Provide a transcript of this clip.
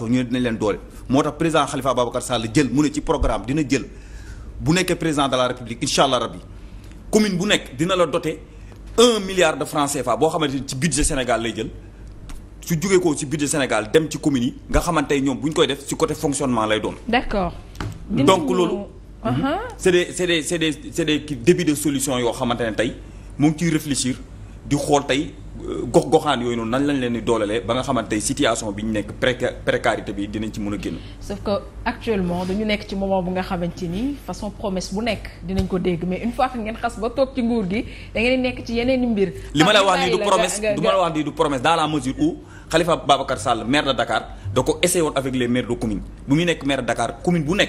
soo ñëwee dina leen doole moo tax président Khalifa Ababacar Sall jël mu ne ci programme dina jël bu nekkee président de la république incha allah rabbi commune bu nekk dina la doté un milliard de francs CFA boo xamante ni ci budget Sénégal lay jël su jugee ko ci budget Sénégal dem ci communes yi nga xamante ñoom bu ñu koy def ci côté fonctionnement lay doon. d'accord donc loolu. Uh-huh. Mhm. c'est des c'est des c'est des c'est des débuts de solution yoo xamante ne tey mu ngi ciy réfléchir di xool tey. gox-goxaan yooyu noonu nan lañ leen di doolelee ba nga xamante ne situation bi ñu nekk précarité bi dinañ ci mën a génn. sauf que actuellement dañu nekk ci moment bu nga xamante ni façon promesse bu nekk dinañ ko dégg mais une fois que ngeen xas ba toog ci nguur gi da nekk ci yeneen mbir. li ma la wax nii du promesse du mesure où Khalifa Babacar Sall maire de Dakar da ko essayé woon avec les de commune bu muy nekk maire Dakar commune